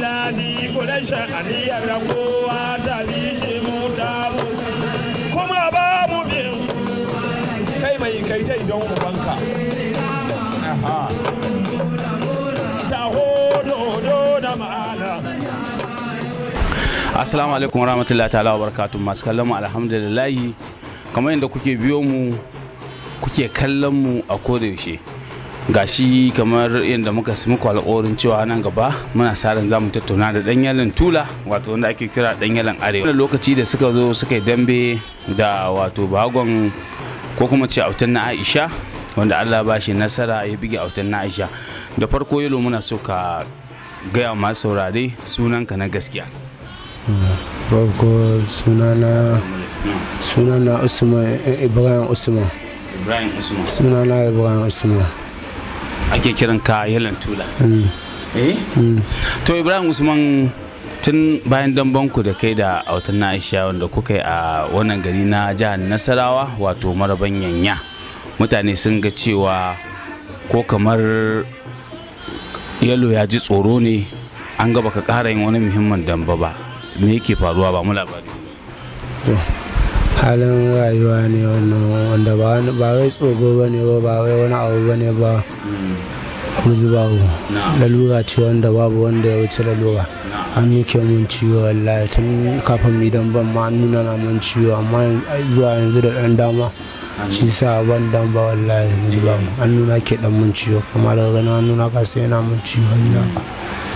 filani kudin sha'aniyar da kowa ta bishe mu ta kuma ba mu kai mai kai ta don ubanka taho dodo da ma'ala assalamu alaikum warahmatullahi ta'ala wabarakatuh masu kallon mu alhamdulillahi kamar yadda kuke biyo mu kuke kallon mu a koda yaushe gashi kamar yadda muka muku alƙawarin cewa nan gaba muna sa ran zamu tattauna da danyalin tula wato wanda ake kira danyalin arewa wannan lokaci da suka zo suka yi dambe da wato bagon ko kuma ce autan na aisha wanda allah ba shi nasara ya bige autan na aisha da farko yalo muna so ka gaya masu saurare sunanka na gaskiya farko sunana sunana usman eh, ibrahim usman ibrahim usman sunana ibrahim usman ake kiran ka yalan tula mm. Eh? Mm. to ibrahim usman tun bayan dambanku da kai da autan na aisha wanda kuka yi a wannan gari na jihar nasarawa wato maraban yanya mutane sun ga cewa ko kamar yalo ya ji tsoro ne an gaba ka kara yin wani muhimmin damba ba me yake faruwa ba mu labari halin rayuwa ne wanda ba wai tsogo ba ne ba ba wai wani abu ba ne ba Ba babu lalura ce wanda babu wanda ya wuce lalura an yi mun ciwo wallahi tun kafin idan ban ma nuna na mun ciwo amma zuwa yanzu da dan dama shi sa ban dan ba wallahi yanzu ba an nuna ke dan mun ciwo kamar da gani an nuna ka sai yana mun ciwo ya ka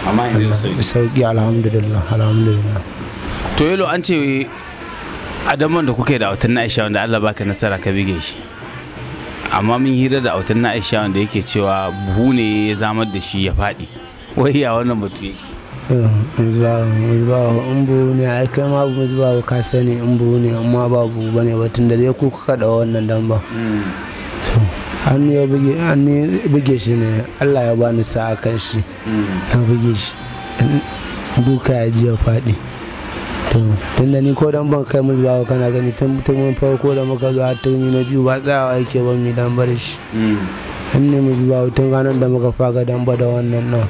amma yanzu sauki alhamdulillah alhamdulillah to yalo an ce adaman da kuka yi da autan na aisha wanda allah baka nasara ka bige shi amma mun hira da autan na aisha wanda yake cewa buhu ne ya zamar da shi ya faɗi wai ya wannan batu yake in buhu ne kai ma musbahu ka sani in buhu ne amma ba buhu ba tun da dai ku kuka da wannan dan ba hannu ya buge hannu buge shi ne Allah ya bani sa'a kan shi mm. na buge shi duka ya ji ya faɗi tun da ni ko dan ban kai mun bawa kana gani tun mun farko da muka zo har turmi na biyu ba tsayawa yake ban mi dan bar shi in ne mun zuwa tun ranar da muka faga dan ba da wannan nan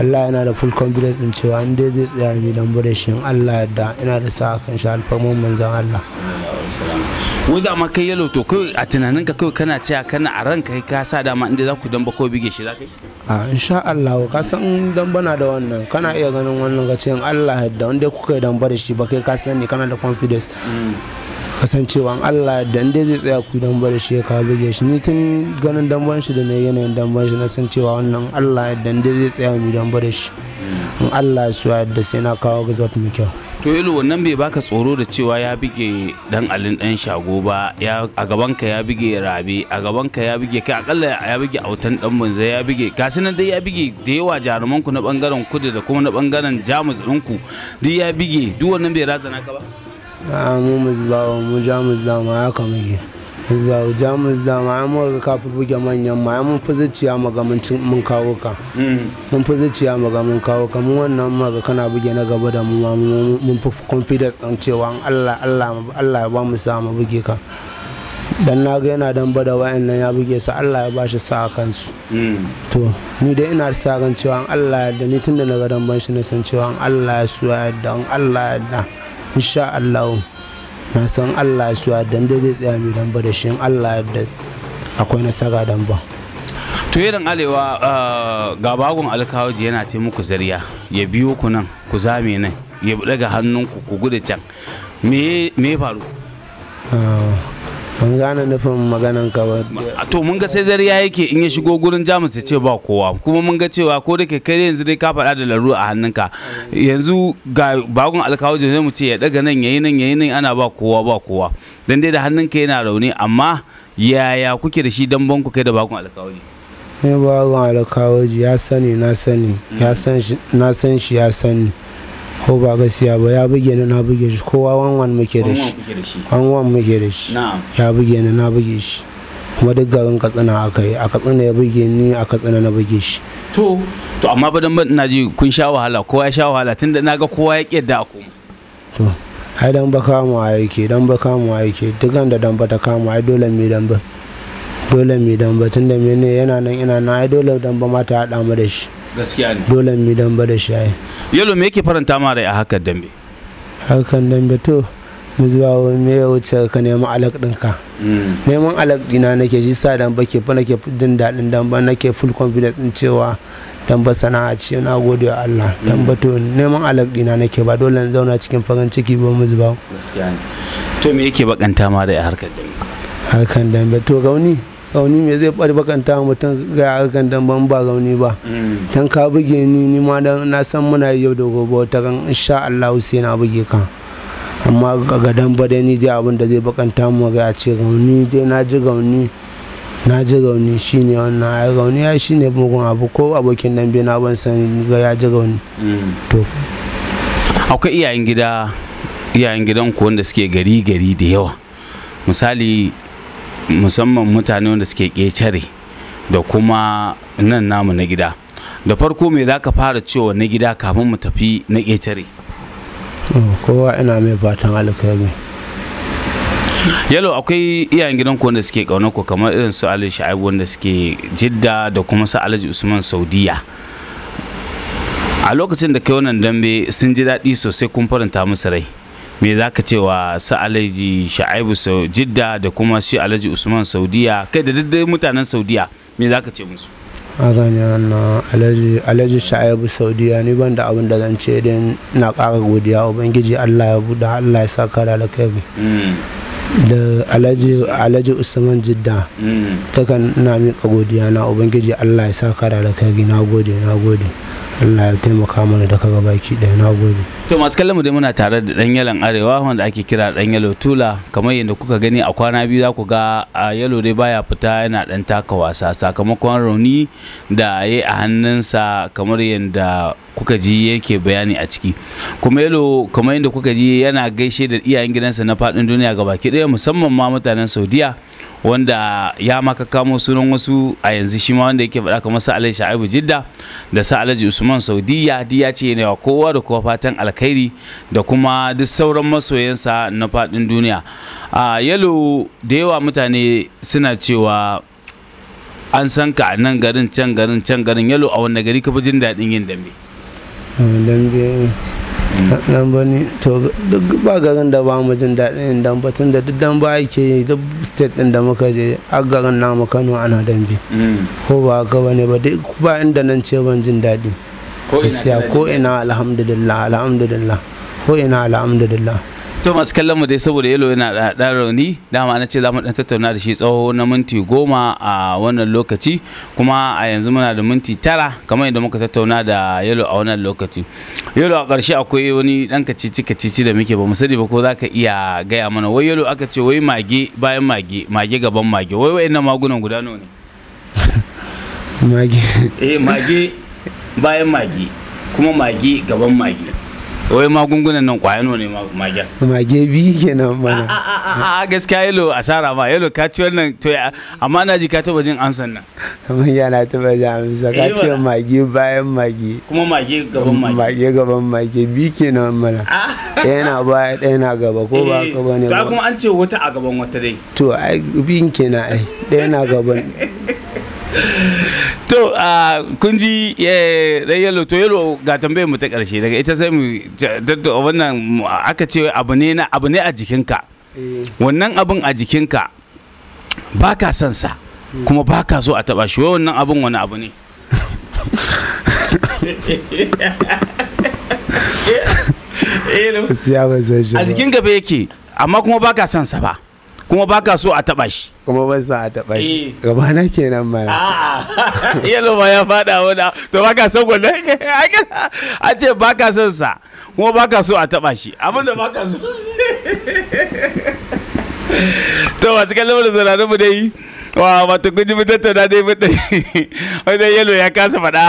Allah yana da full confidence din cewa an dai zai tsaya mi dan bar shi in Allah da ina da sa kan shi mun manzon Allah wai da ma kai yalo to kai a tunaninka kai kana cewa kana a ranka kai ka sa dama inda za ku dan ba ko bige shi za kai a insha Allah ka san dan bana da wannan kana iya ganin wannan ga cikin Allah da wanda kuka yi dan da shi ba kai ka sani kana da confidence mm. kasancewa Allah da inda zai tsaya ku dan bar shi ka buge shi ni tun ganin damban shi da ne yanayin damban shi na san cewa wannan Allah da inda zai tsaya mu dan bar shi mm. in Allah ya so da sai na kawo ga zuwa mu kyau to ilo wannan bai baka tsoro da cewa ya bige dan alin dan shago ba a gaban ka ya bige rabe a gaban ka ya bige kai akalla ya bige autan dan manza ya bige gasu nan dai ya bige da yawa jaruman ku na bangaren kudu da kuma na bangaren jamus din ku duk ya bige duk wannan bai razana ka ba a mu musbawa mu jamus da ma haka muke ba jamus da ma mun ka buge manyan ma mun fi zuciya maga mun kawo ka hmm. mun fi zuciya maga mun kawo ka mun wannan maga kana buge na gaba da mu ma mun fi confidence din cewa Allah Allah Allah ya ba mu sa mu buge ka dan na ga yana dan bada wa'annan ya buge su Allah ya bashi sa kansu hmm. to ni dai ina sa ran cewa Allah ya da ni tunda na ga dan ban shi na san cewa Allah ya so ya yarda Allah ya da insha Allah na san allah suwa a zai tsaya mai damba da shi allah da akwai nasara damba to irin alewa ah, ga bagon alkawaji yana taimaka zariya ya biyo ku nan ku zame nan ya daga hannunku ku gudu can me faru ah, ban gane nufin maganan ka ba to mun ga sai zariya yake in ya shigo gurin jamus ya ce ba kowa kuma mun ga cewa ko da ke kai yanzu dai ka faɗa da laru a hannunka yanzu ga bagun alkawo zai mu ce ya daga nan yayi nan yayi nan ana ba kowa ba kowa dan dai da hannunka yana rauni amma yaya kuke da shi dan banku kai da bagun alkawo ne eh, bagun alkawo ya sani na sani ya san shi ya sani ko ba gaskiya ba ya buge ni na buge shi kowa wanwan muke da shi wanwan muke da shi ya buge ni na buge shi kuma duk garin katsina aka yi a tsina ya buge ni a tsina na buge shi to to amma ba dan na ji kun sha wahala kowa ya sha wahala tunda ga kowa ya kiyarda a koma to ai dan ba kama yake dan ba kama yake dukan da dan ba ta kama ai dole mi dan ba dole mi dan ba tunda ne yana nan ina na ai dole dan ba ma ta hada mu da shi gaskiya ne dole mu dan da shayi yalo me yake faranta ma rai a hakan dambe hakan dambe to mu zuwa me ya wuce ka neman alak ɗinka mm. neman alak dina nake ji sa dan ke fa nake jin dan ba nake full confidence din cewa ba sana'a ce na gode wa Allah mm. ba to neman alak dina nake ba dole in zauna cikin farin ciki ba mu zuwa gaskiya ne to me yake bakanta ma rai a harkar dambe hakan dambe to gauni rauni me zai bakanta mutum ga akan dan ban ba rauni ba mm. dan ka buge ni ni ma na san muna yau da gobe ta kan insha Allah sai na buge ka amma ga dan ba dai ni dai abin da zai bakanta mu ga ya ce rauni dai na ji rauni na ji rauni shine wannan rauni ya shine bugun abu ko abokin bai na ban san ga ya ji rauni mm. to akwai iyayen gida iyayen gidan ku wanda suke gari gari da yawa misali musamman mutane wanda suke ƙetare da kuma nan namu na gida da farko me za ka fara cewa na gida kafin mu tafi na ƙetare oh, kowa ina mai fatan alkhairi yalo akwai iyayen gidan ku wanda suke kauna ku kamar irin su Ali Shaibu wanda suke Jidda da kuma su Alhaji Usman Saudiya a lokacin da kai wannan dambe sun ji daɗi sosai kun faranta musu rai me za ka cewa su alaji sha'aibu jidda da kuma shi alaji usman saudiya kai da daddai mutanen saudiya me za ka ce musu magani na alaji sha'aibu saudiya ni ban da abin da zan ce din na ƙara godiya ubangiji allah ya buɗe allah ya saka da alkhairi mm. da alhaji usman jidda mm. takan na miƙa godiya na ubangiji allah ya saka da alkhairi na gode na gode allah ya taimaka mana da kaga baki ɗaya na gode to masu kallon mu dai muna tare da dan yalon arewa wanda ake kira dan yalo tula kamar yadda kuka gani a kwana biyu za ku ga a yalo dai baya fita yana dan taka wasa sakamakon rauni da ya a hannunsa kamar yadda kuka ji yake bayani a ciki kuma yalo kamar yadda kuka ji yana gaishe da iyayen gidansa na faɗin duniya gabaki ɗaya musamman ma mutanen saudiya wanda ya maka kamo sunan wasu a yanzu shi ma wanda yake faɗa kamar sa alhaji sha'ibu jidda da sa alhaji usman saudiya di ya ce ne kowa da kowa fatan alkhairi da kuma duk sauran masoyansa na faɗin duniya a yalo da yawa mutane suna cewa an san ka nan garin can garin can garin yalo a wanne gari ka fi jin daɗin yin dambe dambe dan bani to duk ba garin da ba mu jin daɗin yin damba tun da duk damba ake yi duk state ɗin da muka je a garin namu kano ana dambe mm. ko ba haka ba ne ba duk ba inda nan ce ban jin daɗi ko ina alhamdulillah alhamdulillah ko ina alhamdulillah to masu kallon mu dai saboda yalo yana da dan rauni dama na ce za mu ɗan tattauna da shi tsawo na minti goma a wannan lokaci kuma a yanzu muna da minti tara kamar yadda muka tattauna da yalo a wannan lokaci yalo a ƙarshe akwai wani ɗan kacici kacici da muke ba mu sani ba ko za ka iya gaya mana wai yalo aka ce wai mage bayan mage mage gaban mage wai wa'annan magunan guda nawa ne mage eh mage bayan mage kuma mage gaban mage wai magungunan nan n'o ne magen mage bi kenan mana a gaskiya a asara ba yelo ka ci wannan to amma na ji ka taba jin amsan nan amma ya na taba jin amsa ka eh, ce mage bayan mage kuma mage gaban mage mage gaban mage bi kenan mana ah. yana na baya ɗaya na gaba ko ba eh, ka bane ba to kuma an ce wata a gaban wata dai to ai bin kenan ai ɗaya na gaban to kun ji dan yalo to yalo ga tambayar mu ta karshe daga ita sai mu daddawa wannan aka ce abu ne na abu ne a jikinka eh. wannan abun a jikinka ba ka son sa hmm. kuma ba ka so a taba shi wannan abun wani abu ne eh, a jikinka ba yake amma kuma ba ka son sa ba kuma baka so a taba shi kuma ba so a taba shi eh. gaba na kenan mana yalo ba ya fada wani to baka so gwanda a ce baka son sa kuma baka so a taba shi abinda baka so to masu kallon da mu dai wa wato kun ji mu tattauna dai mu dai wanda yalo ya kasa fada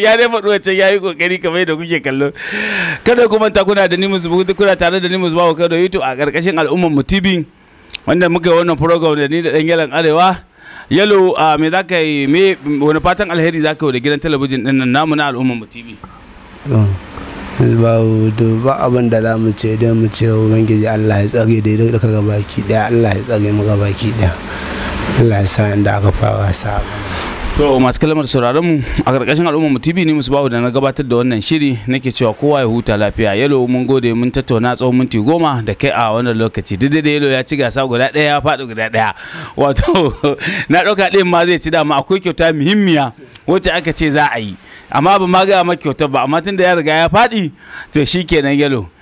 ya dai faɗo wacce ya yi kokari kamar yadda kuke kallo kada ku manta kuna da zubu kuna tare da nimus bawo kado youtube a ƙarƙashin al'ummar mu tv wanda muke wannan program da ni da dan yalan arewa yalo a ah, me za ka yi me wani fatan alheri za ka yi da gidan talabijin din nan namu na al'umman mu tv ba abin da zamu mu ce dai mu ce ubangiji allah ya tsare da daga gabaki daya allah ya tsare mu ki daya allah ya sa inda aka fara saa to masu kalmar sauraron mu a karkashin al'umma mu tv ne musu bawo da na gabatar da wannan shiri nake cewa kowa ya huta lafiya yalo mun gode mun tattauna tsawon minti goma da kai a wannan lokaci duk da yalo ya ci gasa guda ɗaya ya faɗi guda ɗaya wato na ɗauka ɗayan ma zai ci da dama akwai kyauta muhimmiya wacce aka ce za a yi amma ba ma ga ma kyauta ba amma tun da ya riga ya faɗi to shi shikenan yalo